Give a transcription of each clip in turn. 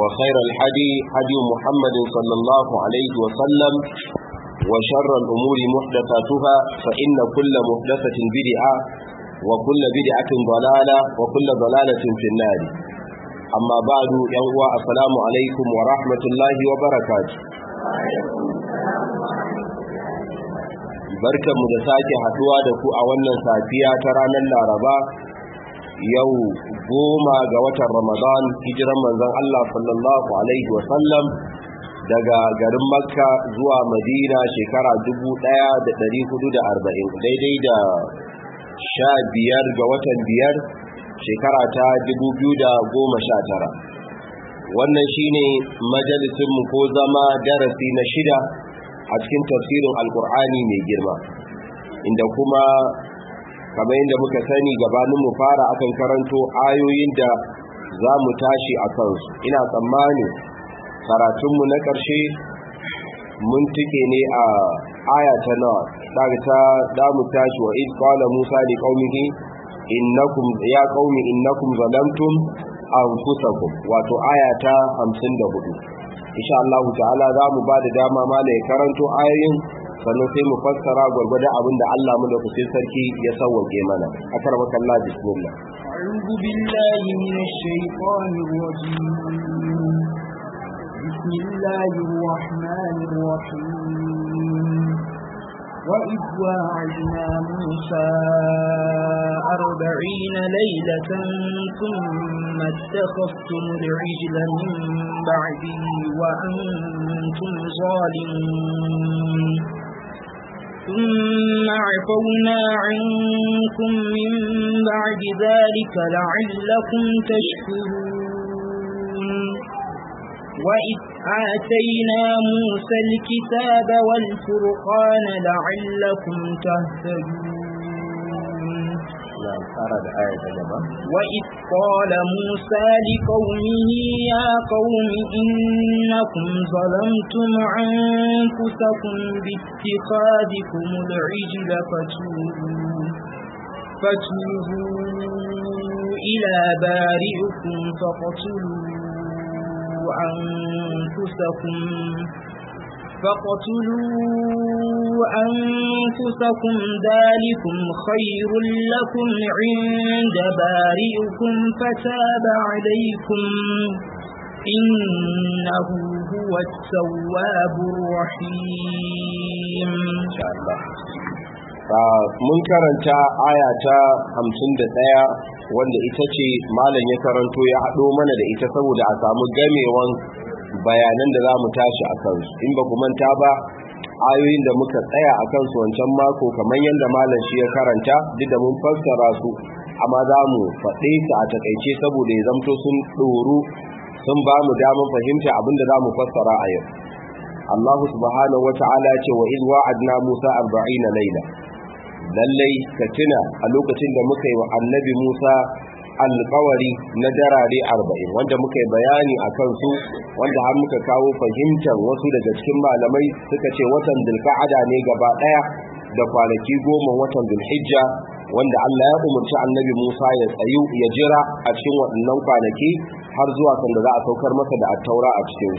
وخير الحدي حدي محمد صلى الله عليه وسلم وشر الأمور محدثاتها فإن كل محدثة بدعة وكل بدعة ضلالة وكل ضلالة في النار أما بعد ينوى السلام عليكم ورحمة الله وبركاته barkanmu da sake haduwa da ku a wannan safiya ta ranar laraba yau goma ga watan ramadan hijiran manzon Allah sallallahu alaihi wasallam daga garin makka zuwa madina shekara 1440 daidai da sha biyar ga watan biyar shekara ta 2019 wannan shine majalisinmu ko zama darasi na shida a cikin tafsirin alkur'ani mai girma inda kuma kamar yadda muka sani gabanin mu fara akan karanto ayoyin da za mu tashi a kansu ina tsammani karatunmu na ƙarshe mun tike ne a aya ta nawa daga ta damu tashi wa id qala musa li qaumihi innakum ya qaumi innakum zalamtum anfusakum wato aya ta 54 insha Allah ta'ala za mu ba da dama mallai karanto ayoyin sannan sai mu fassara gwargwada abin da Allah mu lokacin sarki ya sauwake mana a karbar kalla bismillah a'udhu billahi minash shaitanir rajim bismillahir rahmanir rahim وإذ واعدنا موسى أربعين ليلة ثم اتخذتم العجل من بعده وأنتم ظالمون ثم عفونا عنكم من بعد ذلك لعلكم تشكرون وإذ آتينا موسى الكتاب والفرقان لعلكم تهتدون آية وإذ قال موسى لقومه يا قوم إنكم ظلمتم أنفسكم باتخاذكم العجل فتوبوا فتوبوا إلى بارئكم فاقتلوا أنفسكم فاقتلوا أنفسكم ذلكم خير لكم عند بارئكم فتاب عليكم إنه هو التواب الرحيم آه، من كرنت آية همسند آية وانا إتاتي مالا يكرنتو يحدو من الإتاتو لعسامو جميعون bayanan da za mu tashi a kansu in ba ku manta ba ayoyin da muka tsaya a kansu wancan mako kamar yadda malam shi ya karanta duk da mun fassara su amma za mu faɗe su a takaice saboda ya zamto sun ɗoru sun ba mu damar fahimta abin da za mu fassara a yau Allahu subhanahu wata'ala ya ce wa iz wa'adna Musa 40 laila lallai ka tuna a lokacin da muka yi wa annabi Musa alkawari na darare arba'in wanda muka yi bayani a kansu wanda har muka kawo fahimtar wasu daga cikin malamai suka ce watan dulka'ada ne gaba ɗaya da kwanaki goma watan dulhijja wanda Allah ya umarci annabi Musa ya tsayu ya jira a cikin waɗannan kwanaki har zuwa sanda za a saukar masa da attaura a cikin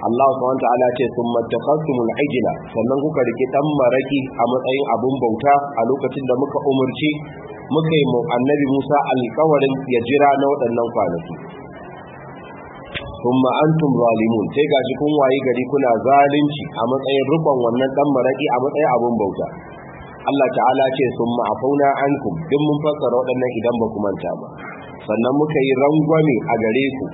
Allah subhanahu ta'ala ce summa takhasumul ajila sannan kuka rike dan maraki a matsayin abun bauta a lokacin da muka umarci muka yi annabi Musa alkawarin ya jira na waɗannan kwanaki kuma tun zalimun sai ga kun wayi gari kuna zalunci a matsayin rukon wannan ɗan maraƙi a matsayin abin bauta Allah ta'ala ce sun ma'afauna ankum duk mun fassara waɗannan idan ba manta ba sannan muka yi rangwame a gare ku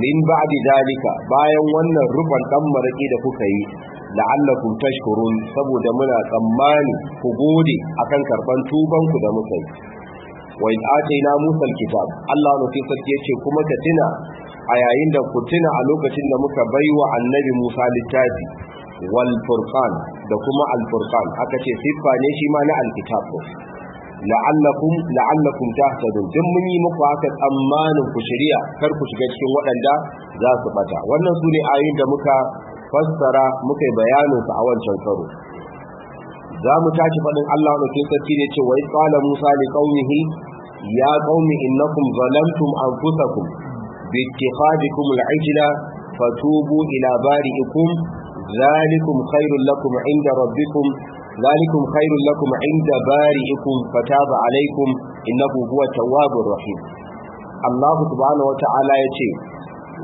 min ba'di dalika bayan wannan rukon ɗan maraƙi da kuka yi la'allakum tashkurun saboda muna tsammani ku gode akan karban tuban ku da muka yi wa id ataina musa alkitab Allah mafi sarki yace kuma ka tuna a yayin da ku tuna a lokacin da muka baiwa annabi Musa littafi wal furqan da kuma al furqan aka ce siffa ne shi ma na alkitab la'allakum la'allakum tahtadun mun yi muku haka tsammanin ku shari'a kar ku shiga cikin waɗanda za su bata wannan sune ayoyin da muka fassara muka yi bayaninsa a wancan karo za mu tashi faɗin Allah wanda ke sarki da ce wa qala Musa li qaumihi ya qaumi innakum zalamtum anfusakum bi ittikhadikum al-ijla fatubu ila bari'ikum ذلكم خير لكم عند ربكم inda خير fataba عند بارئكم فتاب عليكم إنه هو التواب الرحيم الله سبحانه wa in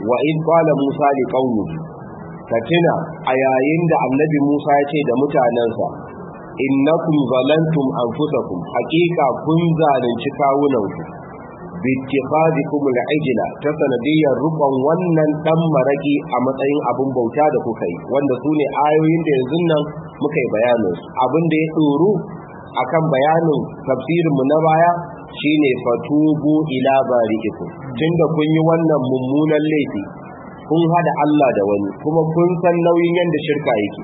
وإذ Musa موسى لقومه Katina, a yayin da annabi Musa ya ce da mutanensa innakum zalantum anfusakum haqiqa kun zalunci kawunanku bittikhadikum al-ijla ta sanadiyyar rukon wannan dan maraki a matsayin abun bauta da kuka yi wanda sune ayoyin da yanzu nan muka yi bayanin abin da ya tsoro akan bayanin tafsirin mu na baya shine fatubu ila barikikum tunda kun yi wannan mummunan laifi kun hada Allah da wani kuma kun san nauyin yanda shirka yake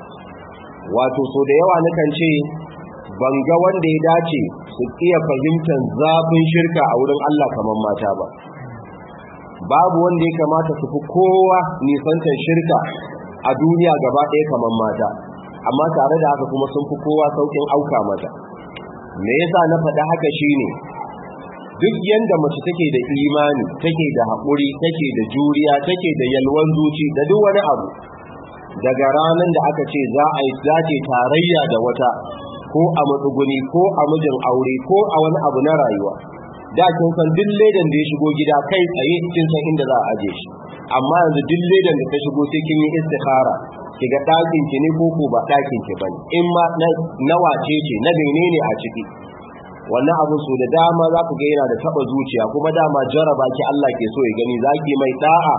wato so da yawa nakan ce ban ga wanda ya dace su iya fahimtar zafin shirka a wurin Allah kamar mata ba babu wanda ya kamata su fi kowa nisantar shirka a duniya gaba ɗaya kamar mata amma tare da haka kuma sun fi kowa saukin auka mata me yasa na faɗa haka shine duk yanda mace take da imani take da haƙuri take da juriya take da yalwan zuci da duk wani abu daga ranar da aka ce za a yi zace tarayya da wata ko a matsuguni ko a mijin aure ko a wani abu na rayuwa da kin san duk ledan da ya shigo gida kai tsaye kin san inda za a aje shi amma yanzu duk ledan da ta shigo sai kin yi istikhara ki ga ɗakin ki ne ko ba ɗakin ki bane in ma na wace ce na menene a ciki wannan abin su da dama za ku ga yana da taba zuciya kuma dama jaraba ki Allah ke so ya gani zaki mai da'a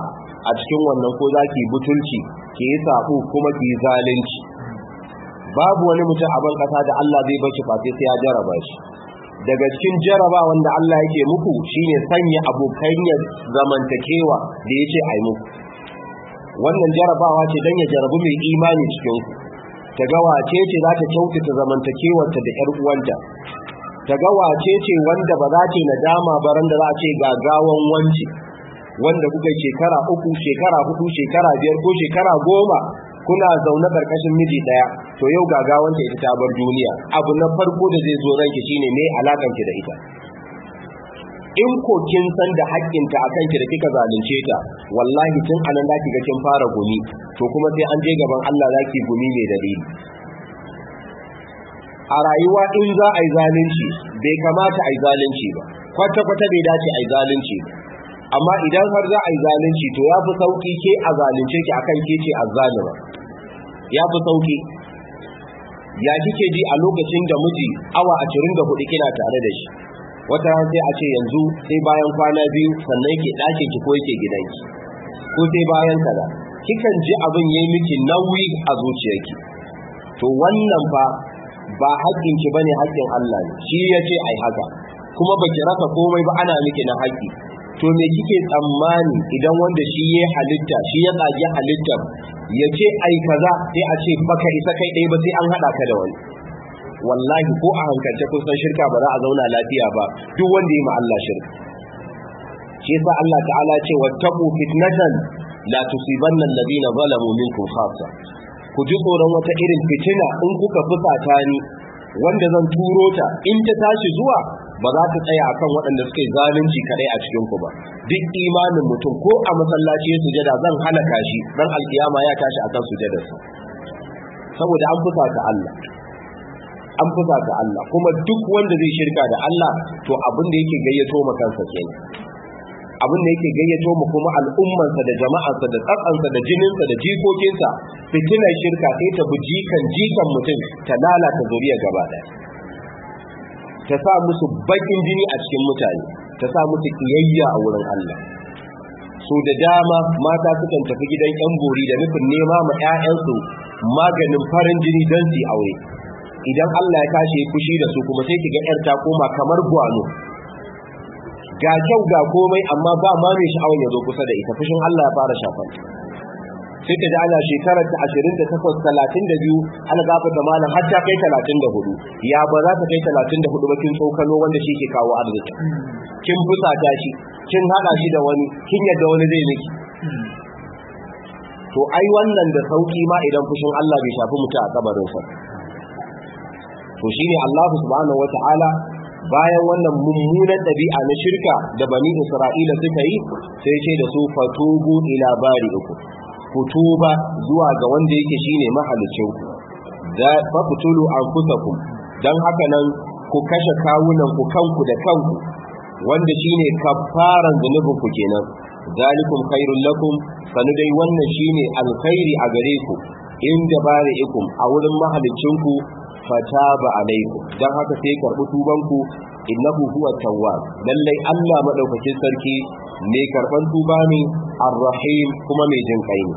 a cikin wannan ko zaki butulci ki yi sabu kuma ki zalunci babu wani mutum a ban kasa da Allah zai bashi face sai ya jaraba shi daga cikin jaraba wanda Allah yake muku shine sanya abokan ya zamantakewa da yace ai muku wannan jarabawa ce dan ya jarabu mai imani cikin ku ta ga wace ce za ta kyautata zamantakewarta da 'yar uwanta ta ga wace ce wanda ba za ce nadama ba ran da za ce ga gawan wanci wanda kuka shekara uku shekara hudu shekara biyar ko shekara goma kuna zaune karkashin miji daya to yau ga ta ita ta bar duniya abu na farko da zai zo ranki shine me alakan ki da ita in ko kin san da ta akan ki da kika zalunce ta wallahi tun anan zaki ga kin fara gumi to kuma sai an je gaban Allah zaki gumi mai dalili a rayuwa in za a yi zalunci bai kamata a yi zalunci ba kwata-kwata bai dace a yi zalunci ba amma idan har za a yi zalunci to ya fi sauki ke a zalunce ki akan ke ce azzalima ya fi sauki ya kike ji a lokacin da miji awa 24 kina tare da shi wata ran sai a ce yanzu sai bayan kwana biyu sannan ke ɗake ki ko yake gidanki ko sai bayan kaza kikan ji abin yayi miki nauyi a zuciyarki to wannan fa ba haƙƙin ki bane haƙƙin Allah ne shi yace ai haka kuma baki rasa komai ba ana miki na haƙƙi to me kike tsammani idan wanda shi ya halitta shi ya tsage halitta ya ce ai kaza sai a ce baka isa kai ɗaya ba sai an haɗa ka da wani wallahi ko a hankalce kun san shirka ba za a zauna lafiya ba duk wanda ya ma Allah shirka shi yasa Allah ta'ala ce wattaqu fitnatan la tusibanna alladhina zalamu minkum khassa ku ji tsoron wata irin fitina in kuka fusata ni wanda zan turo ta in ta tashi zuwa ba za ta tsaya akan waɗanda suke zalunci kadai a cikin ku ba duk imanin mutum ko a masallaci ya sujada zan halaka shi dan alkiyama ya tashi akan sujada saboda an fusata Allah an fusata Allah kuma duk wanda zai shirka da Allah to abin da yake gayyato makansa kenan abin da yake gayyato mu kuma al'ummansa da jama'arsa da tsatsansa da jininsa da jikokinsa fitinar shirka sai ta bi jikan jikan mutum ta lalata zuriya gaba ta sa musu bakin jini a cikin mutane ta sa musu kiyayya a wurin Allah so da dama mata sukan tafi gidan yan gori da nufin nema ma 'ya'yansu maganin farin jini don su aure idan Allah ya tashi fushi da su kuma sai ki ga 'yar ta koma kamar gwano ga kyau ga komai amma ba ma mai sha'awar ya zo kusa da ita fushin Allah ya fara shafar sai ta ji ana shekarar ta ashirin da takwas talatin da biyu ana gafa da malam har ta kai talatin da hudu ya ba za ta kai talatin da hudu ba kin tsokano wanda shi ke kawo arziki kin fusata shi kin haɗa shi da wani kin yadda wani zai miki to ai wannan da sauki ma idan fushin Allah bai shafi mutu a kabarinsa to shine Allah subhanahu wataala bayan wannan mummunan ɗabi'a na shirka da bani isra'ila suka yi sai ce da su fatubu ila bari uku fito ba zuwa ga wanda yake shine mahalicin ku da kusa ku dan haka nan ku kashe kawunan ku kanku da kanku wanda shine kafaran zunubin ku kenan zalikum khairul lakum sanu dai wannan shine alkhairi a gare ku inda bari ikum a wurin mahalicin ku fataba alaikum dan haka sai karbi tubanku innahu huwa tawwab lallai Allah madaukakin sarki ne karban tuba ne arrahim kuma mai jin kai ne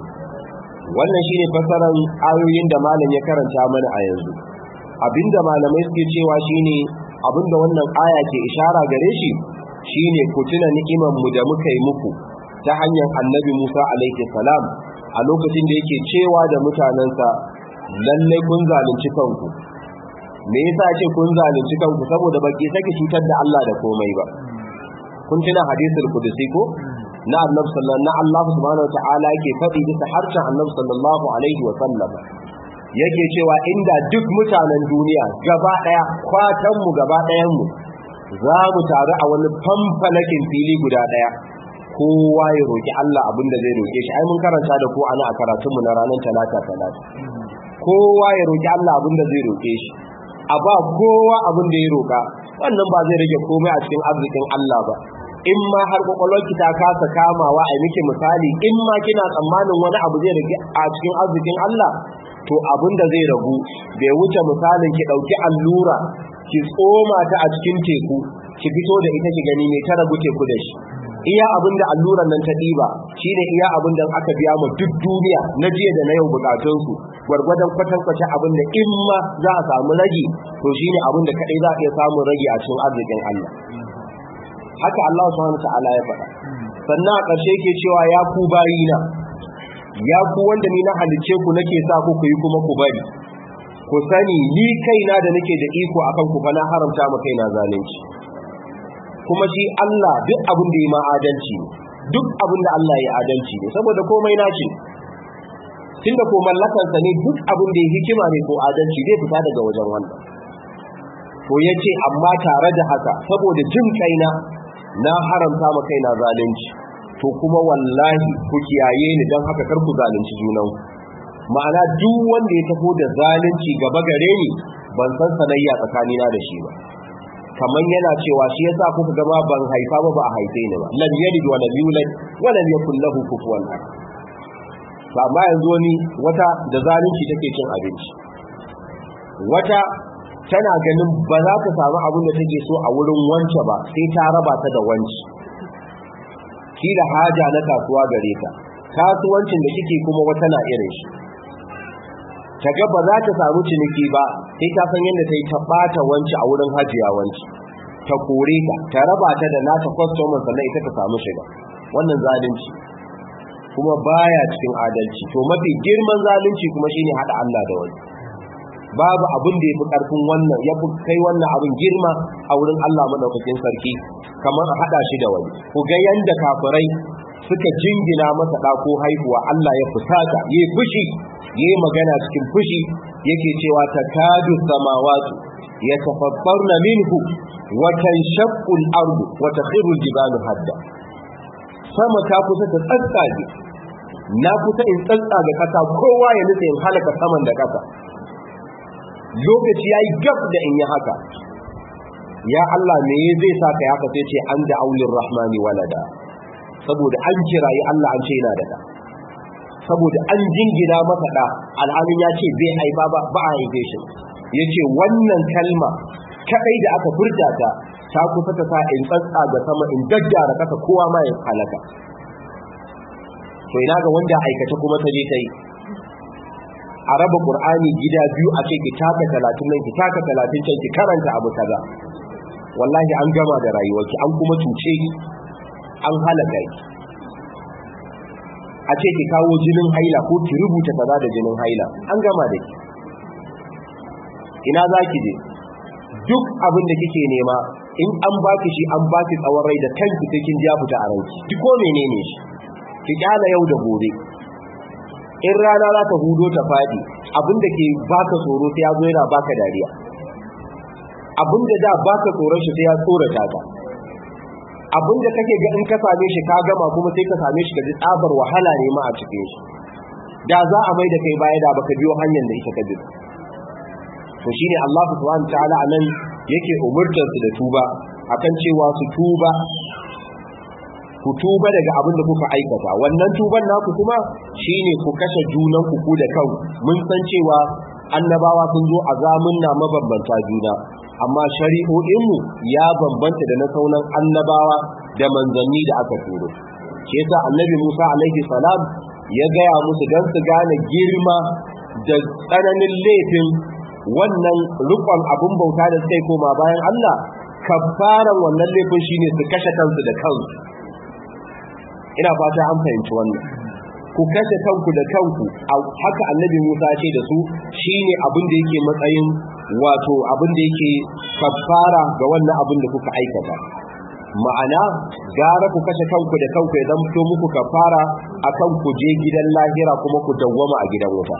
wannan shine fasaran ayoyin da malam ya karanta mana a yanzu abinda malamai suke cewa shine abinda wannan aya ke ishara gare shi shine ku tuna ni'imar mu da muka yi muku ta hanyar annabi Musa alaihi salam a lokacin da yake cewa da mutanansa, lallai kun zalunci kanku me yasa ce kun zalunci kanku saboda baki sake cutar da Allah da komai ba kun tuna hadisul qudsi ko na annabi sallallahu na Allah subhanahu wataala yake faɗi bisa harshen annabi sallallahu alaihi wa sallam yake cewa inda duk mutanen duniya gaba daya kwatan mu gaba dayan mu za mu taru a wani fanfalakin fili guda daya kowa ya roki Allah abin da zai roke shi ai mun karanta da ko ana a karatun mu na ranar talata talata kowa ya roki Allah abin da zai roke shi a ba kowa abin da ya roka wannan ba zai rage komai a cikin arzikin Allah ba in ma har kwakwalwarki ta kasa kamawa a miki misali in ma kina tsammanin wani abu zai rage a cikin arzikin Allah to abin da zai ragu bai wuce misalin ki ɗauki allura ki tsoma ta a cikin teku ki fito da ita ki gani mai ta ragu teku da shi iya abin da alluran nan ta ɗiba shi ne iya abin da aka biya mu duk duniya na jiya da na yau bukatunsu gwargwadon kwatankwace abin da in ma za a samu ragi to shi ne abin da kaɗai za a iya samun ragi a cikin arzikin Allah haka Allah subhanahu ta'ala ya faɗa sannan a ƙarshe ke cewa ya ku bayina ya ku wanda ni na halicce ku nake sa ku ku yi kuma ku bari ku sani ni kaina da nake da iko akan ku fa na haramta mu kaina zalunci kuma shi Allah duk abin da ya ma adalci ne duk abin da Allah ya adalci ne saboda komai naci tunda ko mallakansa ne duk abin da ya hikima ne ko adalci zai fita daga wajen wannan ya ce amma tare da haka saboda jin kaina na haramta ma kaina zalunci to kuma wallahi ku kiyaye ni don haka kar ku zalunci junan ma'ana duk wanda ya taho da zalunci gaba gare ni ban san sanayya tsakanina da shi ba kamar yana cewa shi yasa kuka gama ban haifa ba ba a haife ni ba lam yalid wa lam yulad wa lam yakul lahu kufuwan ba ma yanzu ni wata da zalunci take cin abinci wata tana ganin ba za ta samu abin da take so a wurin wance ba sai ta raba ta da wance da haja na kasuwa gare ta kasuwancin da kike kuma wata na irin shi ta ga ba za ta samu ciniki ba sai ta san yadda ta yi ta ɓata wanci a wurin hajiya wanci ta kore ta ta raba ta da nata kwastomin sannan ita ta samu shiga wannan zalunci kuma baya cikin adalci to mafi girman zalunci kuma shine hada Allah da wani babu abin da yafi karfin wannan yafi kai wannan abin girma a wurin Allah madaukakin sarki kamar a hada shi da wani ku ga yanda kafirai suka jingina masa ko haihuwa Allah ya fusata yayi fushi yi magana cikin fushi yake cewa kadu samawatu ya minhu wa tanshaqqu al-ardu wata wata al-jibalu hadda sama ta kusa ta tsatsage na kusa in tsatsage kasa kowa ya nutse in halaka saman da kasa lokaci yi gab da in yi haka ya Allah me zai sa ka haka sai ce an da aulin rahmani walada saboda an yi Allah an ce yana da saboda an jingina masa da al'amin ya ce bai haifa ba ba a haife shi ce wannan kalma kaɗai da aka furta ta ta kusa ta sa in tsatsa ga sama in daddara kasa kowa ma ya halaka to ina ga wanda aikata kuma ta je ta yi a raba qur'ani gida biyu a ce ki taka talatin nan ki taka talatin can ki karanta abu kaza wallahi an gama da rayuwarki an kuma cuce ki an halaka ki a ce ki kawo jinin haila ko ki rubuta kaza da jinin haila an gama da ki ina za ki je duk abin da kike nema in an baki shi an baki tsawon rai da kanki sai kin ja fita a ranki ki ko menene shi ki kyala yau da gobe in rana za ta hudo ta fadi abin da ke baka tsoro sai ya zo yana baka dariya abin da da baka tsoron shi sai ya tsorata ka abin da kake ga in ka same shi ka gama kuma sai ka same shi ka ji tsabar wahala ne ma a cikin shi da za a mai da kai baya da baka biyo hanyar da ita ka bi to shine Allah subhanahu ta'ala anan yake umurtar su da tuba akan cewa su tuba ku tuba daga abin da kuka aikata wannan tuban naku kuma shine ku kashe junan ku ku da kanku mun san cewa annabawa sun zo a na mabambanta juna amma shari'o'inmu ya bambanta da na saunan annabawa da manzanni da aka turo shi yasa annabi Musa alaihi salam ya gaya musu don su gane girma da tsananin laifin wannan rukon abin bauta da suka koma bayan Allah kafaran wannan laifin shine su kashe kansu da kansu ina fata an fahimci wannan ku kashe kanku da kanku haka annabi Musa ce da su shine abin da yake matsayin wato abin da yake kafara ga wannan abin da kuka aikata ma'ana gara ku kashe kanku da kanku ya zamto muku kafara akan ku je gidan lahira kuma ku dawwama a gidan wuta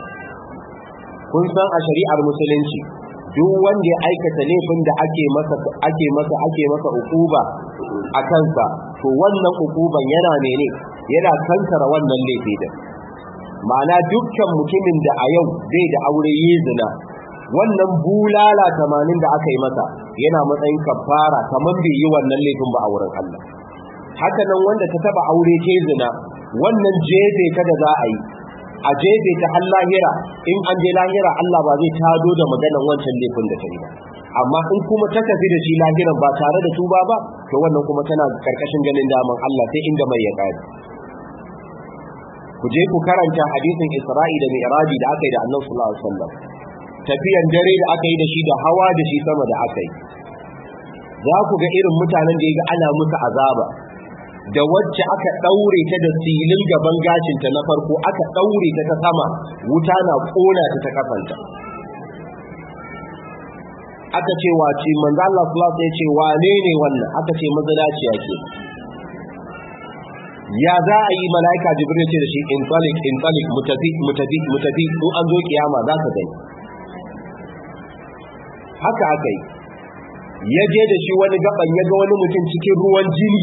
kun san a shari'ar musulunci duk wanda ya aikata laifin da ake masa ake masa ake masa ukuba a kansa to wannan ukuban yana mene yana kankara wannan laifi din ma'ana dukkan mutumin da a yau zai da aure yi zina wannan bulala tamanin da aka yi masa yana matsayin kafara kamar bai yi wannan laifin ba a wurin Allah haka nan wanda ta taba aure ke zina wannan jefe ka da za a yi a jefe ta har in an je lahira Allah ba zai tado da maganar wancan laifin da ta yi ba amma in kuma ta tafi da shi lahiran ba tare da tuba ba to wannan kuma tana karkashin ganin daman Allah sai inda mai ya kare ku je ku karanta hadisin Isra'i da Mi'raji da aka yi da Annabi sallallahu alaihi wasallam tafiyan dare da aka yi da shi da hawa da shi sama da aka yi za ku ga irin mutanen da ya ga ana musu azaba da wacce aka ɗaure ta da silin gaban gashinta na farko aka ɗaure ta ta sama wuta na ƙona ta ta kafanta aka ce wace manzo Allah sallallahu alaihi ce wane ne wannan aka ce mazalaciya ke ya za a yi malaika jibril ce da shi in talik in talik mutafi mutafi mutafi in an zo kiyama za ka gani haka aka yi ya je da shi wani gaban ya ga wani mutum cikin ruwan jini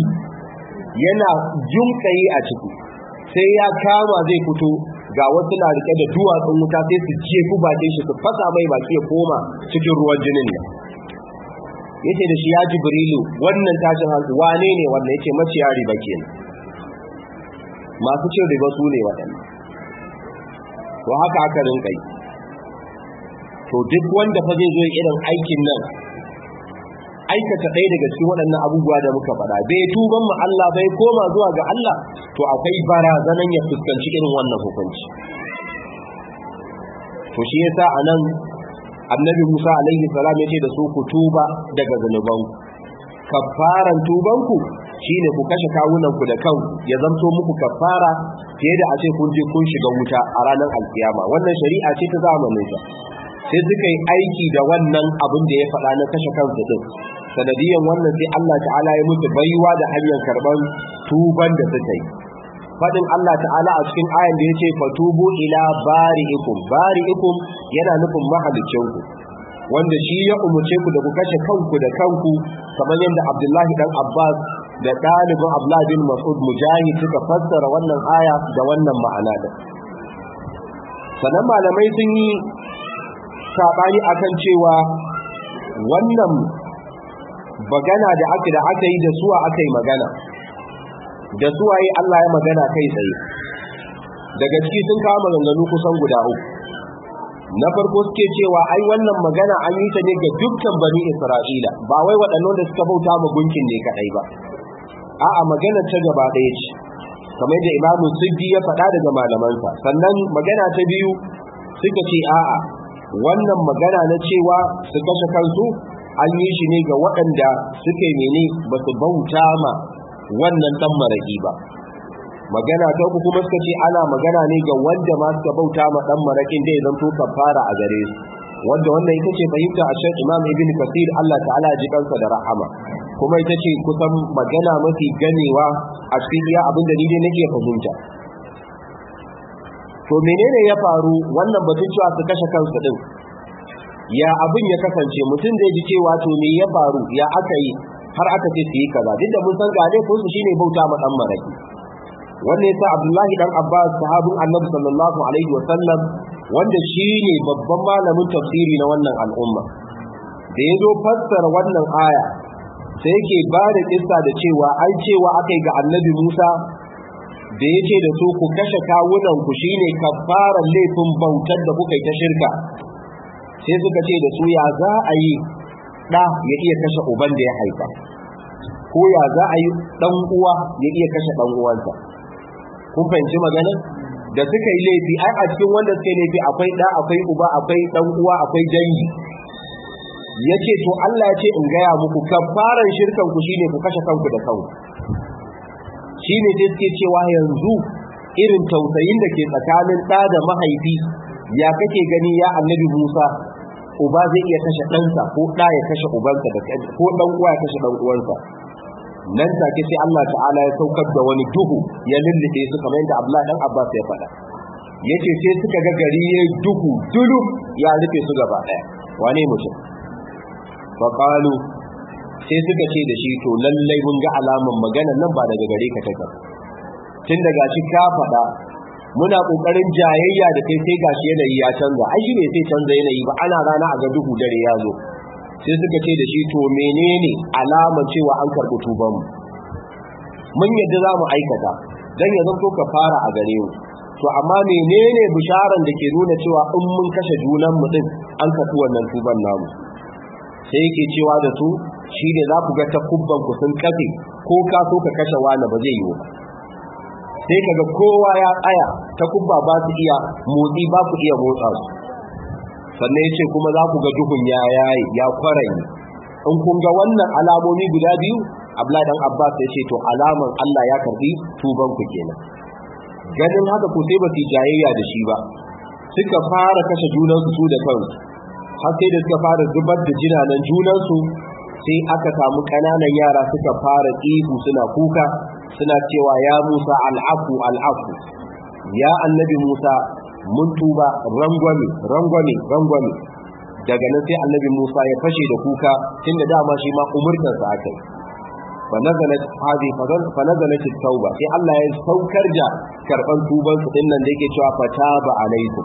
yana junkaye a ciki sai ya kama zai fito ga wasu na rike da duwatsun wuta sai su ku ba shi su fasa mai baki ya koma cikin ruwan jinin Ya yace da shi ya jibrilu wannan tashin hankali wane ne wannan yace maciya riba kenan masu cin riba su ne waɗannan to haka aka rinka yi to duk wanda fa zai zo irin aikin nan aikata ɗaya daga cikin waɗannan abubuwa da muka faɗa bai tuban mu Allah bai koma zuwa ga Allah to akwai barazanan ya fuskanci irin wannan hukunci to shi yasa anan annabi Musa alaihi salam yace da su ku tuba daga ku. kafaran tubanku shine ku kashe kawunanku da kan ya zanto muku kafara fiye da a ce kun je kun shiga wuta a ranar alkiyama wannan shari'a ce ta zamanin sa sai suka yi aiki da wannan abin da ya faɗa na kashe kansu din sanadiyan wannan sai Allah ta'ala ya musu baiwa da hanyar karban tuban da suka yi faɗin Allah ta'ala a cikin ayan da ya ce fatubu ila bari'ikum bari'ikum yana nufin ku wanda shi ya umurce ku da ku kashe kanku da kanku kamar yadda Abdullahi dan Abbas da ɗalibin Abdullah bin Mas'ud Mujahid suka fassara wannan aya da wannan ma'ana da malamai sun yi sabani akan cewa wannan bagana da aka da aka yi da suwa aka yi magana da yi Allah ya magana kai tsaye daga ciki sun kama maganganu kusan guda uku na farko suke cewa ai wannan magana an yi ta ne ga dukkan bani Isra'ila ba wai waɗannan da suka bauta ma gunkin ne kadai ba a'a magana ta gaba ɗaya ce kamar da Imam Sujji ya faɗa daga malamansa sannan magana ta biyu suka ce a'a wannan magana na cewa su kashe kansu an yi shi ne ga waɗanda suke nene ba su bauta ma wannan ɗan maraƙi ba magana ta uku kuma suka ce ana magana ne ga wanda ma suka bauta ma ɗan maraƙin da ya zanto kafara a gare su wanda wannan ita ce fahimta a shan imam ibn kasir Allah ta'ala ji kansa da rahama kuma ita ce kusan magana mafi ganewa a cikin abin da ni dai nake fahimta to menene ya faru wannan batun cewa su kashe kansu din ya abin ya kasance mutum zai ji cewa to me ya faru ya aka yi har aka ce su yi kaza duk da mun san ga dai shine bauta ma dan maraki wannan yasa Abdullahi dan Abbas sahabin Annabi sallallahu alaihi wa sallam wanda shine babban malamin tafsiri na wannan al'umma da ya zo fassara wannan aya sai yake ba da kissa da cewa an cewa akai ga Annabi Musa da yake da su ku kashe kawunan ku ne kafaran laifin bautar da kuka yi ta shirka sai suka ce da su ya za a yi ɗa ya iya kashe uban da ya haifa ko ya za a yi ɗan uwa ya iya kashe ɗan uwansa kun fahimci magana da suka yi laifi ai a cikin wanda suka yi laifi akwai ɗa akwai uba akwai ɗan uwa akwai dangi yace to Allah ya ce in gaya muku kafaran shirkan ku shine ku kashe kanku da kanku shi ne da suke cewa yanzu irin tausayin da ke tsakanin ɗa da mahaifi ya kake gani ya annabi musa uba zai iya kashe ɗansa ko ɗa ya kashe ubansa da ko ɗan uwa ya kashe ɗan uwansa nan ta sai Allah ta'ala ya saukar da wani duhu ya lullube su kamar yadda Abba dan Abbas ya faɗa yace sai suka ga gari ya duhu dulu ya rufe su gaba ɗaya wane mutum sai suka ce da shi to lallai mun ga alaman magana nan ba daga gare ka take tun daga shi ka faɗa muna kokarin jayayya da kai sai gashi yanayi ya canza ai shi sai canza yanayi ba ana rana a ga duhu dare ya zo sai suka ce da shi to menene alaman cewa an karɓi tuban mu mun yadda za mu aikata dan ya zanto ka fara a gare mu to amma menene bisharan da ke nuna cewa in mun kashe junan mu din an karɓi wannan tuban namu sai yake cewa da su shi ne za ku ga ta kubban ku sun kafe ko ka so ka kashe wani ba zai yiwu sai kaga kowa ya tsaya ta kubba ba su iya motsi ba ku iya motsa su sannan ya ce kuma za ku ga duhun ya yayi ya kwarayi in kun ga wannan alamomi guda biyu abla dan abbas ya ce to alaman allah ya karbi tuban ku kenan ganin haka ku sai ba su jayayya da shi ba suka fara kashe junansu su da kansu har sai da suka fara zubar da jinanan junansu sai aka samu ƙananan yara suka fara ihu suna kuka suna cewa ya Musa al'afu al'afu ya annabi Musa mun tuba rangwame rangwame rangwame daga nan sai annabi Musa ya fashe da kuka tunda dama shi ma umurtar sa akai fa nazalat hadi fa nazalat tauba sai Allah ya saukar da karban tuban su dinnan da yake cewa fataba alaikum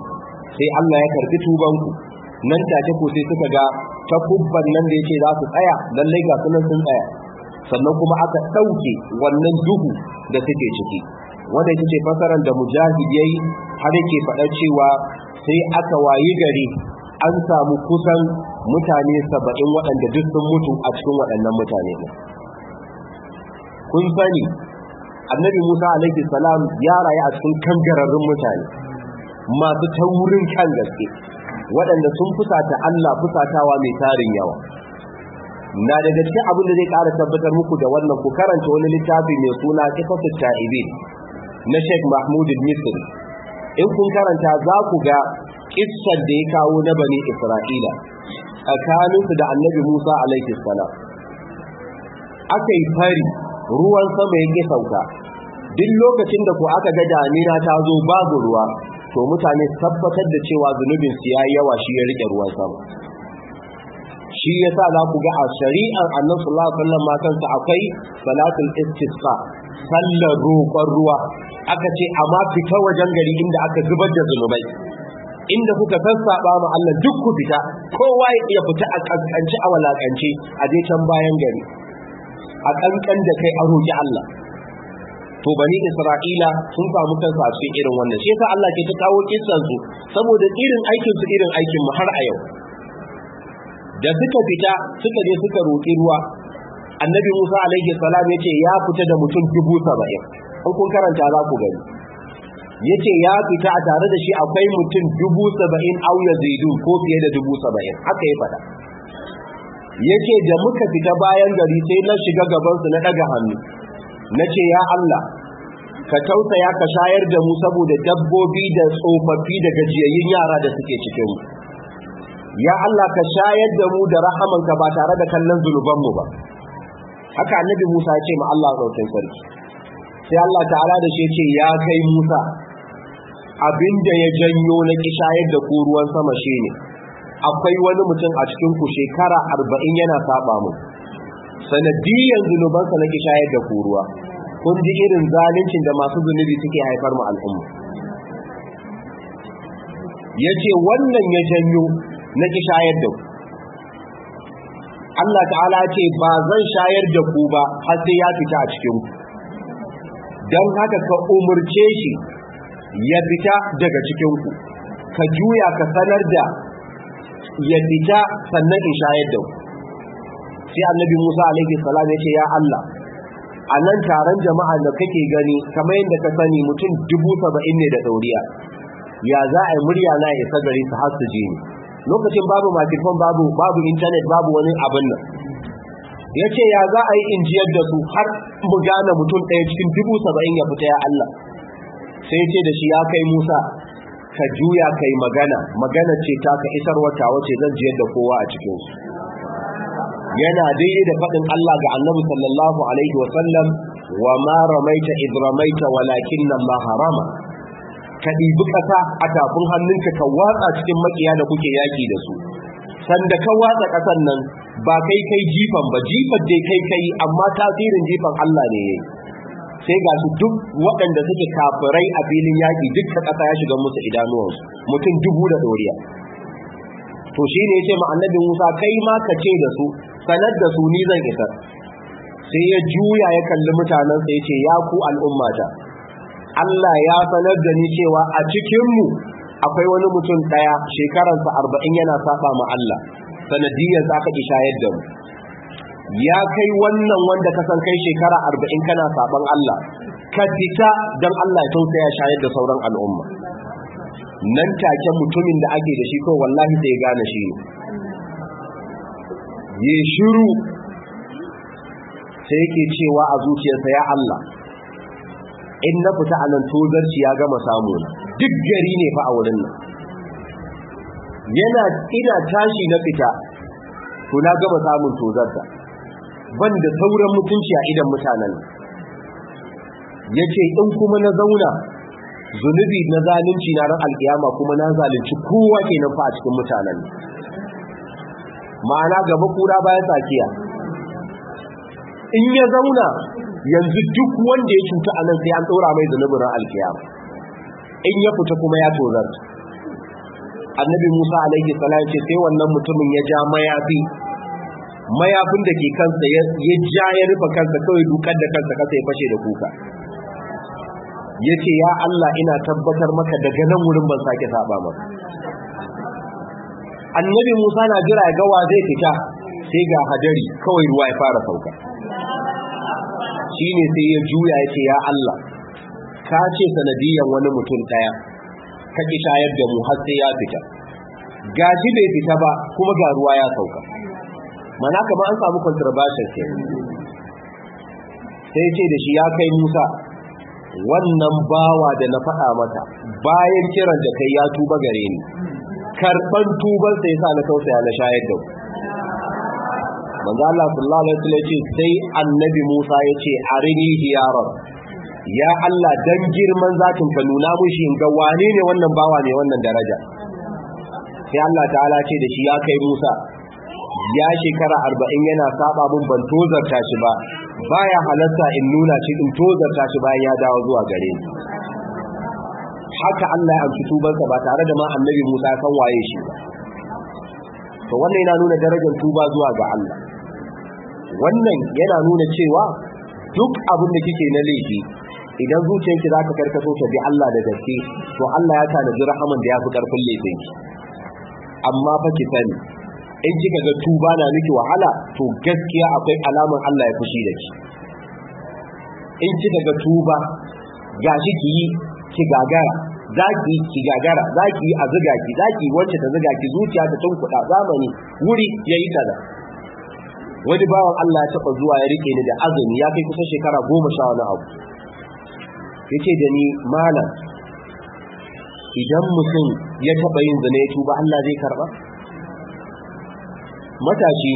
sai Allah ya karbi tuban nan take ko sai suka ga ta kubban nan da yake za su tsaya lallai ga sunan sun tsaya sannan kuma aka ɗauke wannan duhu da suke ciki wanda ita ce fasaran da mujahid yayi har yake faɗa cewa sai aka wayi gari an samu kusan mutane saba'in waɗanda duk sun mutu a cikin waɗannan mutane ne kun sani annabi musa alaihi salam ya rayu a cikin kangararrun mutane masu taurin kan gaske waɗanda sun fusata Allah fusatawa mai tarin yawa na da cikin abin da zai ƙara tabbatar muku da wannan ku karanta wani littafi mai suna kifatu sha'ibi na Sheikh Mahmud Misri in kun karanta za ku ga kissar da ya kawo na bani Isra'ila tsakaninsu da Annabi Musa alaihi salam aka yi fari ruwan sama ya ke sauka duk lokacin da ku aka ga damina ta zo babu ruwa to mutane tabbatar da cewa zunubin su ya yi yawa shi ya rike ruwan sama shi yasa za ku ga a shari'ar Annabi sallallahu alaihi akwai salatul istisqa sallar roƙon ruwa aka ce amma fita wajen gari inda aka zubar da zunubai inda kuka san saba ma Allah duk ku fita kowa ya fita a kankanci a walakance a je can bayan gari a kankan da kai a roƙi Allah to bani isra'ila sun samu kansu a cikin irin wannan shi yasa Allah ke ta kawo kissan su saboda irin aikin su irin aikin mu har a yau da suka fita suka je suka roƙi ruwa annabi Musa alaihi salam yace ya fita da mutum dubu saba'in in kun karanta za ku gani yace ya fita a tare da shi akwai mutum dubu saba'in au yazidu ko fiye da dubu saba'in haka ya faɗa yace da muka fita bayan gari sai na shiga gaban su na daga hannu nace ya Allah ka tausaya ka shayar da mu saboda dabbobi da tsofaffi da gajiyayyun yara da suke cikin mu ya Allah ka shayar da mu da rahamanka ba tare da kallon zunubanmu ba haka annabi Musa ya ce ma Allah sautin sarki sai Allah ta'ala da shi ce ya kai Musa abinda ya janyo na ki shayar da ku ruwan sama shine akwai wani mutum a cikin ku shekara arba'in yana saba mu sanadiyan zunubansa na ki shayar da ku kun ji irin zaluncin da masu zunubi suke haifar mu al'umma yace wannan ya janyo na ki shayar da ku Allah ta'ala ce ba zan shayar da ku ba har sai ya fita a cikin ku don haka ka umurce shi ya fita daga cikin ku ka juya ka sanar da ya fita sannan in shayar da ku sai annabi Musa alaihi salam ya ce ya Allah a nan taron jama'a da kake gani kamar yadda ka sani mutum dubu saba'in ne da dauriya ya za a yi murya na isa gari su har su je ni lokacin babu microphone babu babu internet babu wani abin nan ya ce ya za a yi injiyar da su har mu gane mutum ɗaya cikin dubu saba'in ya fita ya Allah sai ce da shi ya kai Musa ka juya kai magana magana ce ta ka isar wata wace zan jiyar da kowa a cikinsu yana daidai da faɗin Allah ga annabi sallallahu alaihi wa sallam wa ma ramaita id ramaita ma harama ka ɗibi ƙasa a tafin hannunka ka watsa cikin makiya da kuke yaki da su sanda ka watsa kasan nan ba kai kai jifan ba jifan dai kai kai amma tasirin jifan Allah ne yayi sai ga su duk waɗanda suke kafirai a filin yaki duk ka ƙasa ya shiga musu idanuwansu mutum dubu da doriya to shine yace ya ma annabi musa kai ma ka ce da su sanar da su ni zan isar sai ya juya ya kalli mutanen sai ce ya ku al'ummata Allah ya sanar da ni cewa a cikinmu akwai wani mutum ɗaya shekararsa arba'in yana saba ma Allah sanadiyar za ka ishayar da mu ya kai wannan wanda ka san kai shekara arba'in kana saban Allah ka fita don Allah ya ya shayar da sauran al'umma nan take mutumin da ake da shi ko wallahi ya gane shi ne yi shiru sai yake cewa a zuciyarsa ya Allah in na fita a nan tozarci ya gama samu duk gari ne fa a wurin nan yana ina tashi na fita to na gama samun tozarta ban da sauran mutunci a idan mutanen ya ce in kuma na zauna zunubi na zalunci na ran alkiyama kuma na zalunci kowa ke nan fa a cikin mutanen ma'ana gaba kura baya tsakiya in ya zauna yanzu duk wanda ya cuta a nan sai an tsora mai zunubin ran alkiyama in ya fita kuma ya tozar annabi musa alaihi salam ce sai wannan mutumin ya ja mayafi mayafin da ke kansa ya ja ya rufe kansa kawai dukar da kansa kasa ya fashe da kuka ya ce ya Allah ina tabbatar maka daga nan wurin ban sake saba maka annabi Musa na jira ga wa zai fita sai ga hadari kawai ruwa ya fara sauka shine sai ya juya ya ya Allah ka ce sanadiyan wani mutum daya ka ki shayar da mu har sai ya fita shi bai fita ba kuma ga ruwa ya sauka mana kamar an samu contribution ke sai ce da shi ya kai Musa wannan bawa da na faɗa mata bayan kiran da kai ya tuba gare ni karban tuban sai yasa na tausaya na shayar da manzo Allah sallallahu alaihi wasallam ce sai annabi Musa ya ce arini ya ya Allah dan girman zakin ka nuna mushi in ga wane ne wannan bawa ne wannan daraja sai Allah ta'ala ce da shi ya kai Musa ya shekara arba'in yana saba mun ban tozarta shi ba baya halatta in nuna shi in tozarta shi bayan ya dawo zuwa gare ni haka Allah ya amshi tubansa ba tare da ma annabi Musa ya san waye shi ba to wannan yana nuna darajar tuba zuwa ga Allah wannan yana nuna cewa duk abin da kike na laifi idan zuciyarki za ka karkato ta bi Allah da gaske to Allah ya tanaji rahaman da ya fi karfin laifinki amma fa ki sani in kika ga tuba na miki wahala to gaskiya akwai alamar Allah ya fushi da ki in kika ga tuba gashi ki yi ki gagara zaki ki gagara zaki a zuga ki zaki wacce ta zuga ki zuciya ta tunkuɗa zamani wuri yayi kaza wani bawan Allah ya taɓa zuwa ya rike ni da azumi ya kai kusa shekara goma sha wani abu yace da ni malam idan mutum ya taɓa yin zina ya tuba Allah zai karɓa matashi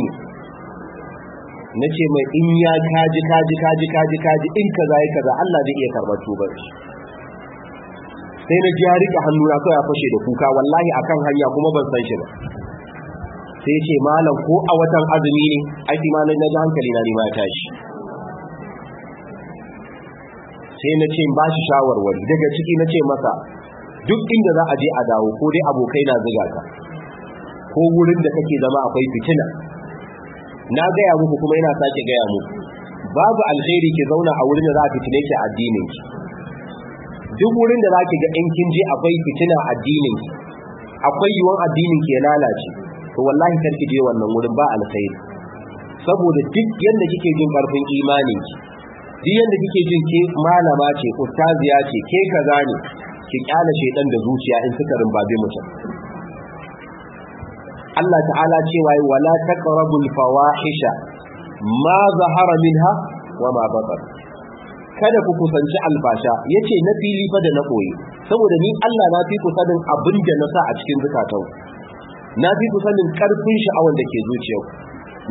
ne na ce mai in ya kaji kaji kaji kaji kaji in kaza ya kaza Allah zai iya karba tubar sai na ji ya riƙe hannuna kawai ya fashe da kuka wallahi akan hanya kuma ban san shi ba sai ce malam ko a watan azumi ne aiki ma na ji hankali na nima tashi sai na ce ba shi shawarwari daga ciki na ce masa duk inda za a je a dawo ko dai abokai na zuga ka ko wurin da kake zama akwai fitina na gaya muku kuma yana sake gaya muku babu alheri ki zauna a wurin da za a fitine ki addinin ki duk wurin da zaki ga in kin je akwai fitina addinin akwai yiwon addinin ke lalace to wallahi karki je wannan wurin ba alkhairi saboda duk yanda kike jin karfin imani ki duk yanda kike jin ke malama ce ustaziya ce ke kaza ne ki kyala shedan da zuciya in suka rumbabe mutum Allah ta'ala cewa wala taqrabul fawahisha ma zahara minha wa ma batara kada ku kusanci albasha yace na fili fa da na koyi saboda ni Allah na fi ku sanin abin da na sa a cikin zakatau na fi ku sanin karfin sha'awar da ke zuciyar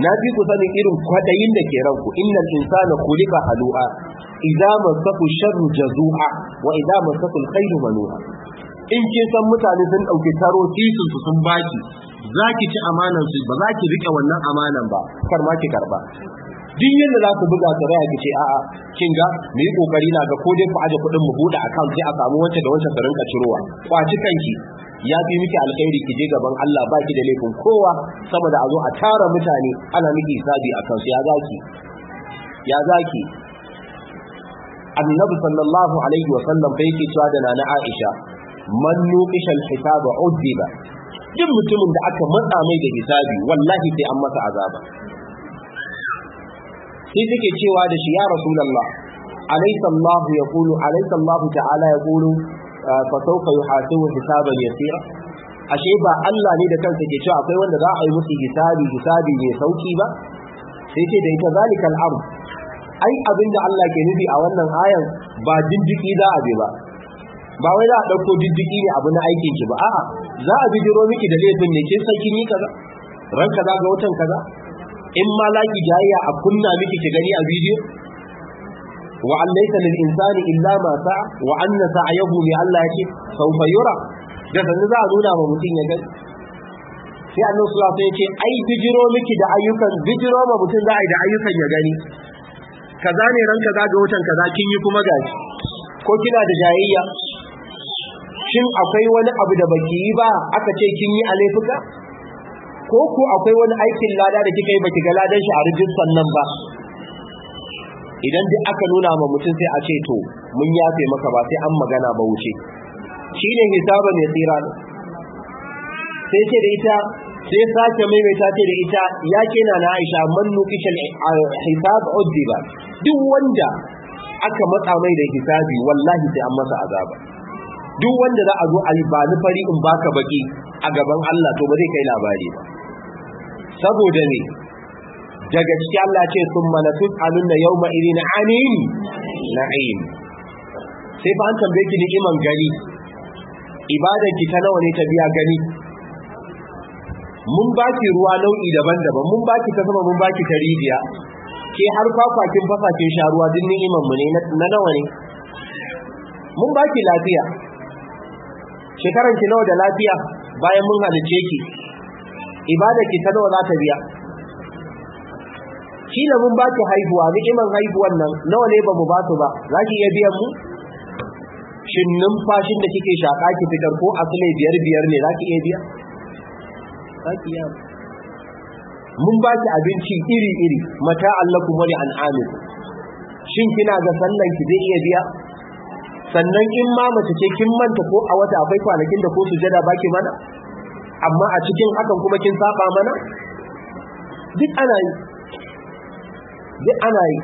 na fi ku sanin irin kwadayin da ke ranku innal insana khuliqa halu'a idza masaku sharru jazu'a wa idza masaku alkhairu manu'a in kin san mutane sun ɗauki taro titin su sun baki zaki ci amanan su ba zaki rike wannan amanan ba kar ma ki karba duk yadda za ku buga saraya ki ce a'a kin ga mu yi kokari na ga ko dai ku aje kuɗin mu buɗe akan sai a samu wacce da wacce sarin cirowa kwaci kanki ya fi miki alkhairi ki je gaban Allah ba ki da laifin kowa saboda a zo a tara mutane ana miki hisabi a kansu ya zaki ya zaki annabi sallallahu alaihi wa sallam bai ke cewa da nana Aisha man nuqisha al udiba duk mutumin da aka matsa mai da hisabi wallahi sai an masa azaba sai suke cewa da shi ya rasulullah alaysa allah yaqulu alaysa allah ta'ala yaqulu ah, fa sawfa yuhasabu hisaban yasira ashe ba Allah ne da kansa ke cewa akwai wanda za a yi musu hisabi hisabi mai sauki ba sai ce da ita zalikal amr ai abin da Allah ke nufi a wannan ayan ba diddiki za a bi ba ba wai za a ɗauko diddiki ne abu na aikin ki ba a'a za a bijiro miki da laifin ne kin san kin kaza ranka za ga watan kaza in ma laki jayya a kunna miki ki gani a bidiyo wa allaita lil insani illa ma sa wa anna sa'yahu li Allah yake sawfa yura da san za a nuna ma mutum ya gani sai Allah sallallahu alaihi ce ai bijiro miki da ayyukan bijiro ma mutum za a yi da ayyukan ya gani kaza ne ranka za ga watan kaza kin yi kuma gashi ko kina da jayayya shin akwai wani abu da baki yi ba aka ce kin yi a ko ku akwai wani aikin lada da kika yi baki ga ladan shi a rijistan nan ba idan duk aka nuna ma mutum sai a ce to mun yafe maka ba sai an magana ba wuce shine hisaba mai tsira sai ce da ita sai sake maimaita ce da ita ya ke na na aisha man nukishal hisab uddiba duk wanda aka matsa mai da hisabi wallahi sai an masa azaba duk wanda za a zo a yi ba ni fari in baka baki a gaban Allah to ba zai kai labari ba saboda ne daga ciki Allah ce sun manatut da yau ma'iri na amin ayin sai ba an tambayi ki ni'iman gari. ibadar ki ta nawa ne ta biya gani mun baki ruwa nau'i daban-daban mun baki ta sama mun baki ta rijiya ke har kwakwakin fafakin sha ruwa duk ni'iman mu ne na nawa ne mun baki lafiya shekaran ki nawa da lafiya bayan mun halice ki ibada ki ta nawa za ta biya kila mun ba ki haihuwa ni'imar haihuwan nan nawa ne ba mu ba su ba za ki iya biyan mu shin numfashin da kike shaka ki fitar ko asali biyar biyar ne za ki iya biya za ki iya mun ba ki abinci iri iri mata allakum wani an'amin shin kina ga sallan ki zai iya biya sannan in ma mace ce kin manta ko a wata akwai kwanakin da ko jada baki mana amma a cikin hakan kuma kin saba mana duk ana yi duk ana yi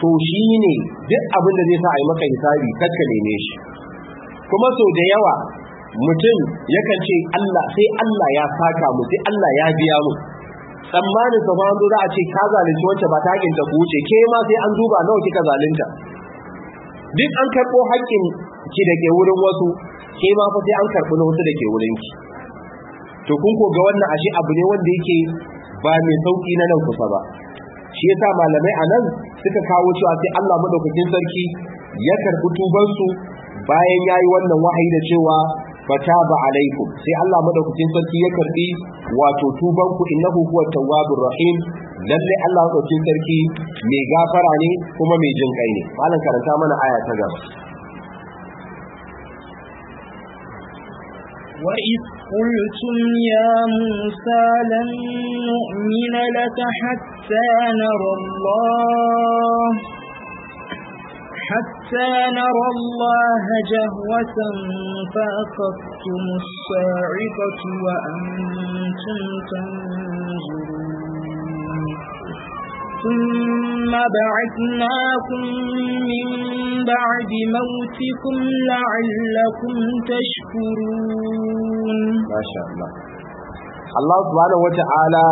to shi ne duk abin da zai sa a yi maka hisabi kakka ne shi kuma sau da yawa mutum yakan ce Allah sai Allah ya saka mu sai Allah ya biya mu tsammanin sa za a ce ka zalunci wacce ba ta ta ku wuce ke ma sai an duba nawa kika zalunta duk an karɓo haƙƙin ki da ke wurin wasu ke ma fa sai an karɓi na wasu da ke wurin ki to kun ko ga wannan ashe abu ne wanda yake ba mai sauki na nan kusa ba shi yasa malamai a nan suka kawo cewa sai Allah madaukakin sarki ya karɓi tubansu bayan yayi wannan wahayi da cewa fataba alaikum sai Allah madaukakin sarki ya karbi wato tubanku innahu huwa tawwabur rahim lalle Allah madaukakin sarki mai gafara ne kuma mai jin kai ne malam karanta mana aya ta gaba وإذ قلتم يا موسى لن نؤمن لك حتى نرى الله حتى نرى الله جهوة فأخذتم الصاعقة وأنتم تنظرون ثم بعثناكم من بعد موتكم لعلكم تشكرون تشكرون masha Allah Allah subhanahu wata'ala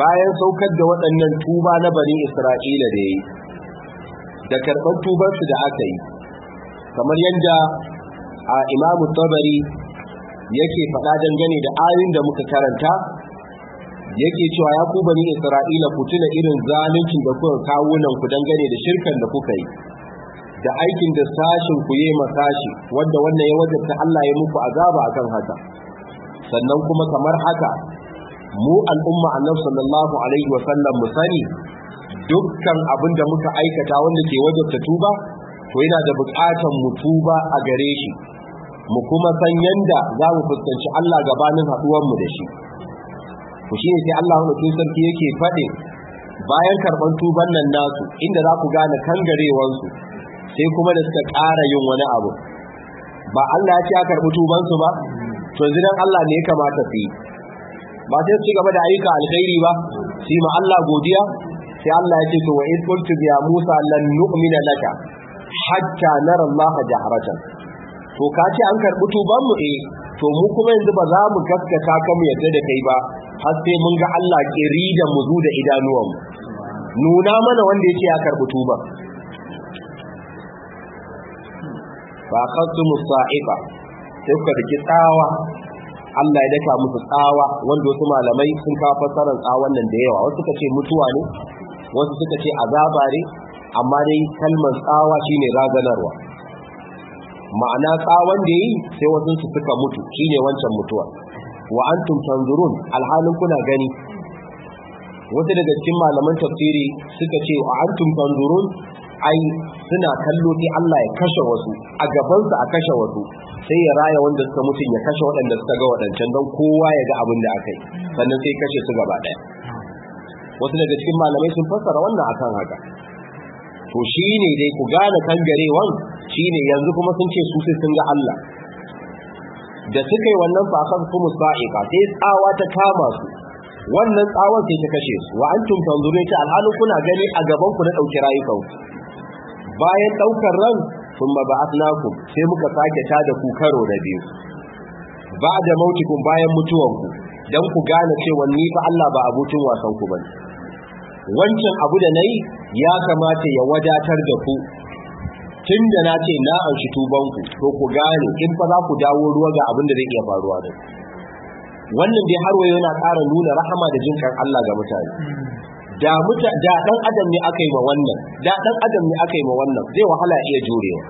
bayan saukar da waɗannan tuba na bani Isra'ila da yi da karɓar tubansu da aka yi kamar yadda a imamu tabari yake faɗa dangane da ayin da muka karanta yake cewa ya ku bani Isra'ila ku tuna irin zaluncin da kuka kawo nan ku dangane da shirkan da kuka yi da aikin da sashin ku yi sashi wanda wannan ya wajabta Allah ya muku azaba akan haka sannan kuma kamar haka mu al'umma annabi sallallahu alaihi wa sallam mu sani dukkan abin da muka aikata wanda ke wajabta tuba to yana da buƙatar mu tuba a gare shi mu kuma san yanda za mu fuskanci Allah gabanin haɗuwar mu da shi ku shine sai Allah wannan sarki yake faɗi bayan karɓar tuban nan nasu inda za ku gane kangarewansu sai kuma da suka ƙara yin wani abu ba Allah ya ce a karɓi tubansu ba to zidan Allah ne ya kamata su yi ba sai su gaba da ayyuka alkhairi ba sai ma Allah godiya sai Allah ya ce to wa in qultu ya Musa lan nu'mina laka hatta nara Allah jahratan to ka ce an karɓi tuban mu eh to mu kuma yanzu ba za mu gaskata ka mu yadda da kai ba har sai mun ga Allah kiri da mu zu da idanuwan mu nuna mana wanda yake ya karɓi tuban fa akhadtu musaifa sai kuka daki tsawa Allah ya daka musu tsawa wanda wasu malamai sun ka fassarar tsawon nan da yawa wasu suka ce mutuwa ne wasu suka ce azaba ne amma dai kalmar tsawa shine razanarwa ma'ana tsawon da yi sai wasu su suka mutu shine wancan mutuwa wa antum tanzurun alhalin kuna gani wasu daga cikin malaman tafsiri suka ce wa antum tanzurun ai suna kallo ne Allah ya kashe wasu a gabansa a kashe wasu sai ya raya wanda suka mutu ya kashe waɗanda suka ga waɗancan don kowa ya ga abin da aka yi sannan sai kashe su gaba ɗaya wasu daga cikin malamai sun fassara wannan akan haka to shine dai ku gane kangarewan shine yanzu kuma sun ce su sai sun ga Allah da suka yi wannan fasan kuma sa'iqa sai tsawa ta kama su wannan tsawon sai ta kashe su wa antum tanzuru ta alhalu kuna gani a gaban ku na dauki rayukan bayan ɗaukar ran thumma ku, sai muka sake ta da ku karo da biyu ba da kun bayan mutuwanku don ku gane cewa ni fa Allah ba abokin wasan ku bane wancan abu da nayi ya kamata ya wadatar da ku tun da na ce na anshi tuban ku to ku gane in fa za ku dawo ruwa ga abin da zai iya faruwa da ku. wannan dai har wayo yana ƙara nuna rahama da jinkan Allah ga mutane da muta da dan adam ne aka yi ma wannan da dan adam ne aka yi ma wannan zai wahala iya jurewa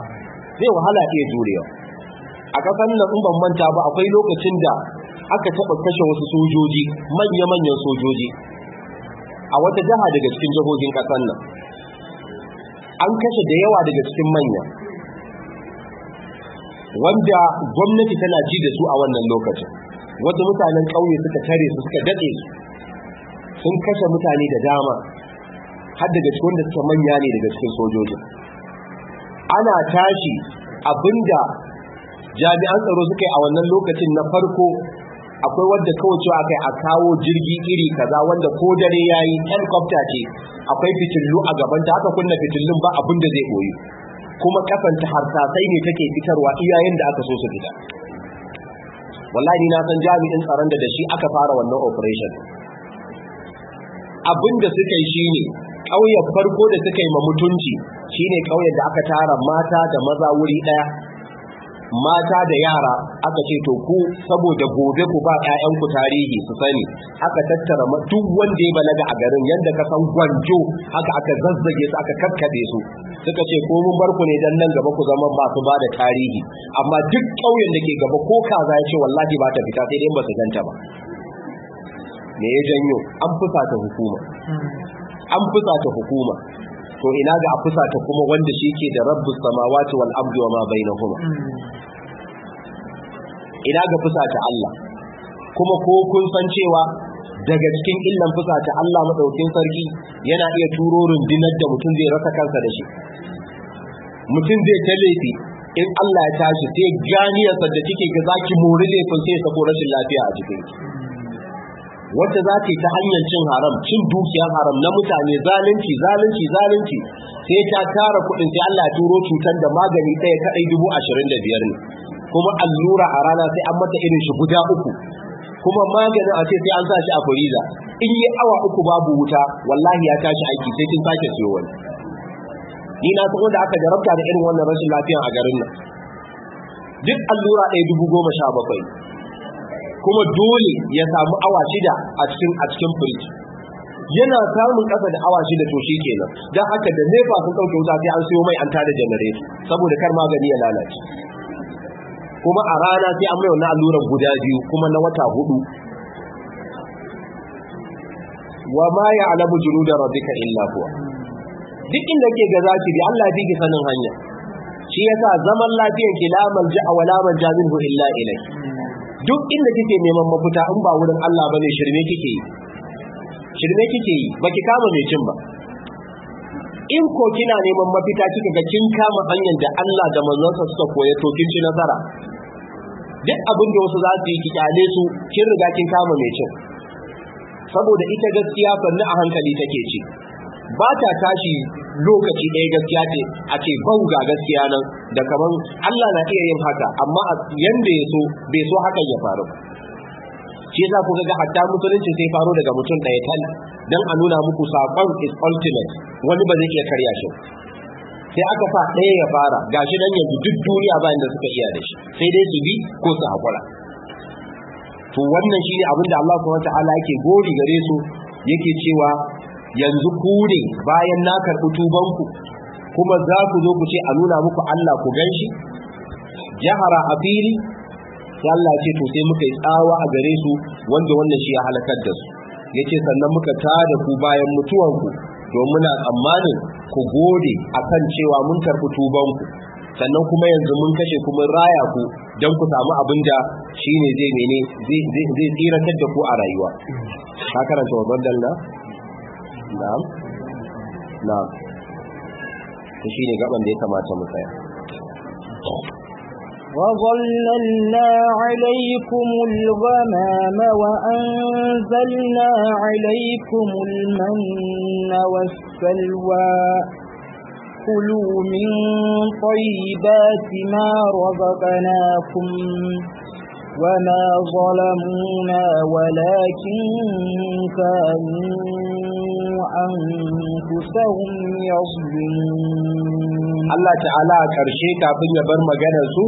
zai wahala iya jurewa a kasan nan in ban manta ba akwai lokacin da aka taba kashe wasu sojoji manya manyan sojoji a wata jaha daga cikin jihohin kasan nan an kashe da yawa daga cikin manya wanda gwamnati tana ji da su a wannan lokacin wanda mutanen ƙauye suka tare su suka daɗe su sun kashe mutane da dama har daga cikin da suka manya ne daga cikin sojoji ana tashi abinda jami'an tsaro suka yi a wannan lokacin na farko akwai wadda kawai cewa akai a kawo jirgi iri kaza wanda ko dare yayi helicopter ce akwai fitillu a gaban ta haka kunna fitillun ba abin da zai koyi kuma kafanta harsasai ne take fitarwa iyayen da aka so su fita wallahi na san jami'in tsaron da da shi aka fara wannan operation abin da suka yi shine ƙauyen farko da suka yi ma mutunci shine ƙauyen da aka tara mata da maza wuri ɗaya mata da yara aka ce to ku saboda gobe ku ba ku tarihi su sani aka tattara duk wanda ya balaga a garin yanda ka san gwanjo haka aka zazzage su aka karkade su suka ce ko mun bar ne dan nan gaba ku zama masu ba da tarihi amma duk ƙauyen da ke gaba ko kaza ya ce wallahi ba ta fita sai dai ba su ganta ba me ya janyo an fusata hukuma an fusata hukuma to ina ga a fusata kuma wanda shi ke da rabbus samawati wal ardi wa ma bainahuma ina ga fusata Allah kuma ko kun san cewa daga cikin illan ta Allah madaukin sarki yana iya turo rundunar da mutum zai rasa kansa da shi mutum zai ta in Allah ya tashi sai ganiyarsa da kike ga zaki mori laifin sai sako rashin lafiya a cikin wadda za ta yi ta hanyar cin haram cin dukiyar haram na mutane zalunci zalunci zalunci sai ta tara kuɗin sai Allah ya turo cutar da magani ɗaya kaɗai dubu ashirin da biyar ne kuma allura a rana sai an mata irin shi guda uku kuma maganin a ce sai an sa shi a fariza in yi awa uku babu wuta wallahi ya tashi aiki sai kin sake siyo wani ni na san wanda aka jarabta da irin wannan rashin lafiyar a garin nan duk allura ɗaya dubu goma sha bakwai kuma dole ya samu awa shida a cikin a cikin firiji yana samun kasa da awa shida to shi kenan don haka da nefa sun ɗauke wuta sai an siyo mai an tada janareto saboda kar magani ya lalace kuma a rana sai an mai wannan allurar guda biyu kuma na wata hudu wa ma ya alamu da rabbika illa huwa duk inda ke ga zaki bi Allah bi ki sanin hanya shi yasa zaman lafiyar ki la malja wa la minhu illa ilayhi duk inda kike neman mafita in ba wurin Allah bane shirme kike yi shirme kike yi baki kama mai cin ba in ko kina neman mafita kika ga kin kama hanyar da Allah da sa suka koya to kin ci nasara duk abin da wasu za su yi kyale su kin riga kin kama mai cin saboda ita gaskiya sannu a hankali take ci ba ta tashi lokaci ɗaya gaskiya ce a ce bauga gaskiya nan da kamar Allah na iya yin haka amma yanda ya so bai so hakan ya faru shi yasa kuka ga hatta musulunci sai faro daga mutum ɗaya tal dan a nuna muku saƙon is ultimate wani ba zai iya karya shi sai aka sa ɗaya ya fara ga shi dan yanzu duk duniya bayan da suka iya da shi sai dai su bi ko su haƙura to wannan shine abin da Allah subhanahu wataala yake gori gare su yake cewa yanzu ku ne bayan na karɓi tubanku kuma za ku zo ku ce a nuna muku Allah ku gan shi jahara a fili Allah ce to sai muka yi tsawa a gare su wanda wannan shi ya halakar da su Ya ce sannan muka tada ku bayan mutuwanku don muna tsammanin ku gode a kan cewa mun karɓi tubanku sannan kuma yanzu mun kashe kuma raya ku don ku samu abin da ne zai mene zai tsiratar da ku a rayuwa ka karanta wa na na'am na'am to shine gaban da ya kamata mu tsaya وظللنا عليكم الغمام وأنزلنا عليكم المن والسلوى كلوا من طيبات ما رزقناكم وما ظلمونا ولكن كانوا أنفسهم يظلمون الله تعالى كرشي كافن يبر مجانا سو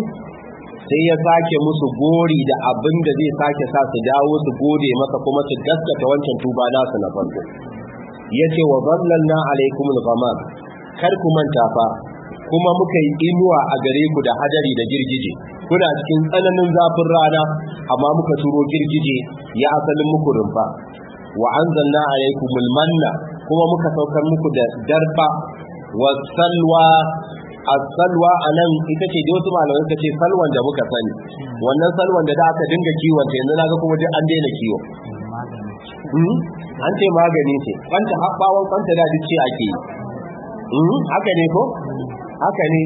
sai ya sake musu gori da abin da zai sake sa su dawo su gode maka kuma su gaskata wancan tuba nasu na farko Ya ce wa zallalna alaikum al-ghamam kar ku manta fa kuma muka yi inuwa a gare ku da hadari da girgije kuna cikin tsananin zafin rana amma muka turo girgije ya asalin muku rumfa wa anzalna alaykumul manna kuma muka saukar muku da darba wa salwa as-salwa anan ita ce dai wasu malamai suka ce salwan da muka sani wannan salwan da da aka dinga kiwon ta yanzu naga kuma duk an daina kiwo hmm? an ce magani ce kanta habbawan kanta da duk ce ake yi hmm? haka ne ko haka ne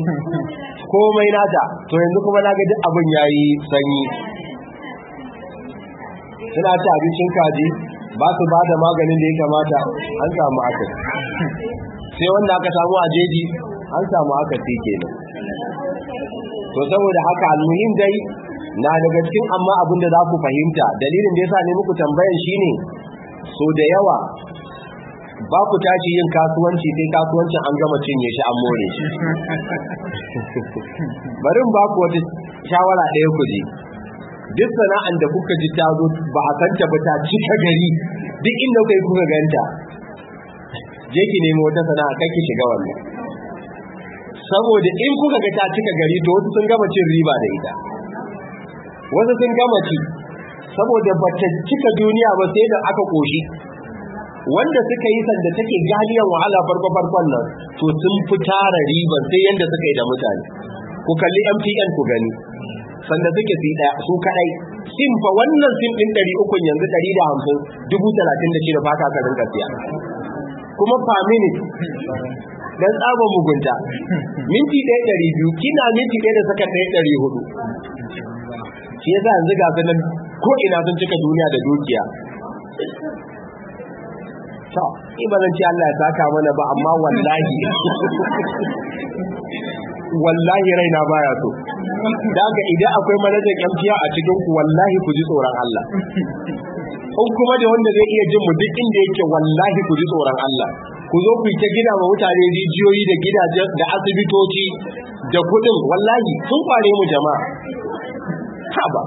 komai nata to yanzu kuma naga duk abin yayi sanyi suna ta abincin kaji ba su ba da maganin da ya kamata an samu akasi sai wanda aka samu a jeji an samu akasi kenan to saboda haka almuhim dai na daga cikin amma abin da za ku fahimta dalilin da yasa ne muku tambayan shine so da yawa ba ku tashi yin kasuwanci sai kasuwancin an gama cinye shi an more shi bari ba ku wata shawara ɗaya ku je duk sana'an da kuka ji ta zo ba a kanta ba ta cika gari duk inda kai kuka ganta je ki nemi wata sana'a kai ki shiga wannan saboda in kuka ga ta cika gari to wasu sun gama cin riba da ita wasu sun gama ci saboda ba ta cika duniya ba sai da aka koshi wanda suka yi sanda take galiyar wahala farko farkon nan to sun fi tara riban sai yanda suka yi da mutane ku kalli MTN ku gani sanda suke su daya su kadai sim fa wannan sim din 300 yanzu hamsin, dubu da ba ka ka rinka siya kuma fa mini dan tsaba mugunta minti ɗari 200 kina minti ɗaya da saka ɗari hudu. shi yasa yanzu ga nan? ko ina sun cika duniya da dukiya to ni ba zan ce Allah ya saka mana ba amma wallahi wallahi raina baya so Daga idan akwai manajan yan a cikin ku wallahi ku ji tsoron Allah in kuma da wanda zai iya jin mu duk inda yake wallahi ku ji tsoron Allah ku zo ku ta gida ma mutane rijiyoyi da gidaje da asibitoci da kudin wallahi sun kware mu jama'a haba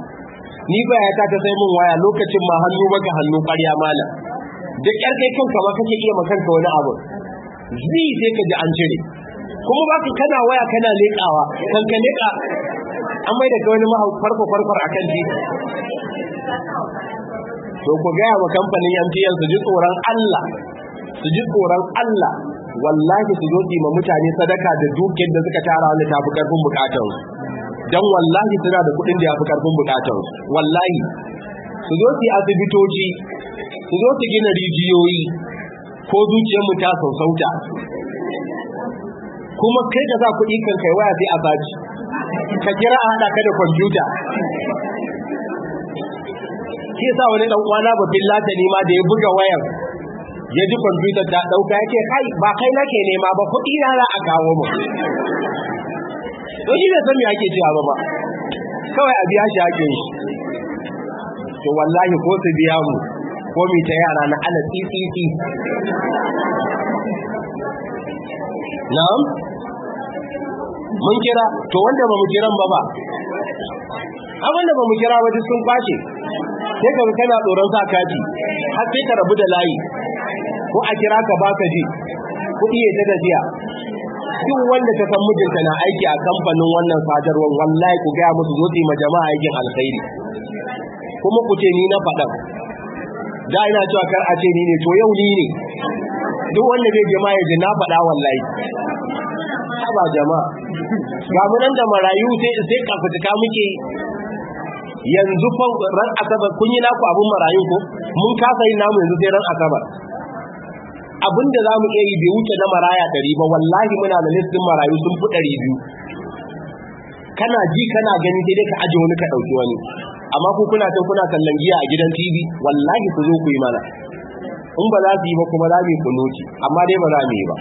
ni ba ya ta sai mun waya lokacin ma hannu maka hannu ƙarya malam duk yar kai kanka ma kake iya ma wani abu zi sai ka ji an cire kuma ba ka kana waya kana leƙawa kanka leƙa an mai da ga wani mahau farko a kan titi to ku gaya wa kamfanin MTN su ji tsoron Allah su ji tsoron Allah wallahi su yi ma mutane sadaka da dukiyar da suka tara wanda tafi fi karfin su, dan wallahi suna da kuɗin da ya fi karfin su, wallahi su zo su yi asibitoci su zo su gina rijiyoyi ko zuciyar ta sausauta kuma kai ka za kuɗi kan kai waya sai a baci ka kira a haɗa ka da kwamfuta ke sa wani dan uwana ba billata ta nema da ya buga wayar ya ji kwamfuta ta ɗauka ya ce kai ba kai na ke nema ba kuɗi na za a kawo mu to shi bai san me ake cewa ba ba kawai a biya shi ake yi to wallahi ko su biya mu ko mi ta yara na ala tsitsitsi na'am mun kira to wanda ba mu kiran ba ba abin da ba mu kira waje sun kwace sai ka kana tsoron sa kaji har sai ka rabu da layi ko a kira ka ba ka ji kuɗi ya ta gajiya duk wanda ta san mijinta na aiki a kamfanin wannan sadarwar wallahi ku gaya musu zo ma jama'a aikin alkhairi kuma ku ce ni na faɗa da ina cewa kar a ce ni ne to yau ni ne duk wanda zai jama'a ya ji na faɗa wallahi ba jama'a ga da marayu sai sai kafutuka muke yanzu fa ran asabar kun yi naku abin marayu ko mun kasa yin namu yanzu sai ran asabar abin da za mu iya yi bai wuce na maraya ɗari ba wallahi muna da listin marayu sun fi ɗari biyu kana ji kana gani sai dai ka aje wani ka ɗauki wani amma ku kuna ta kuna kallon giya a gidan tv wallahi ku zo ku yi mana in ba za su yi ba kuma za mu yi amma dai ba za mu yi ba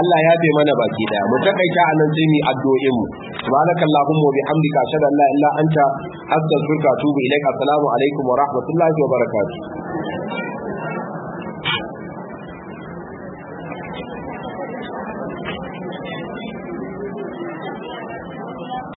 Allah ya bai mana baki daya mu takaita anan sai mu addu'o'in mu subhanakallahumma wa bihamdika ashhadu an la ilaha illa anta astaghfiruka wa atubu ilaik assalamu alaikum wa rahmatullahi wa barakatuh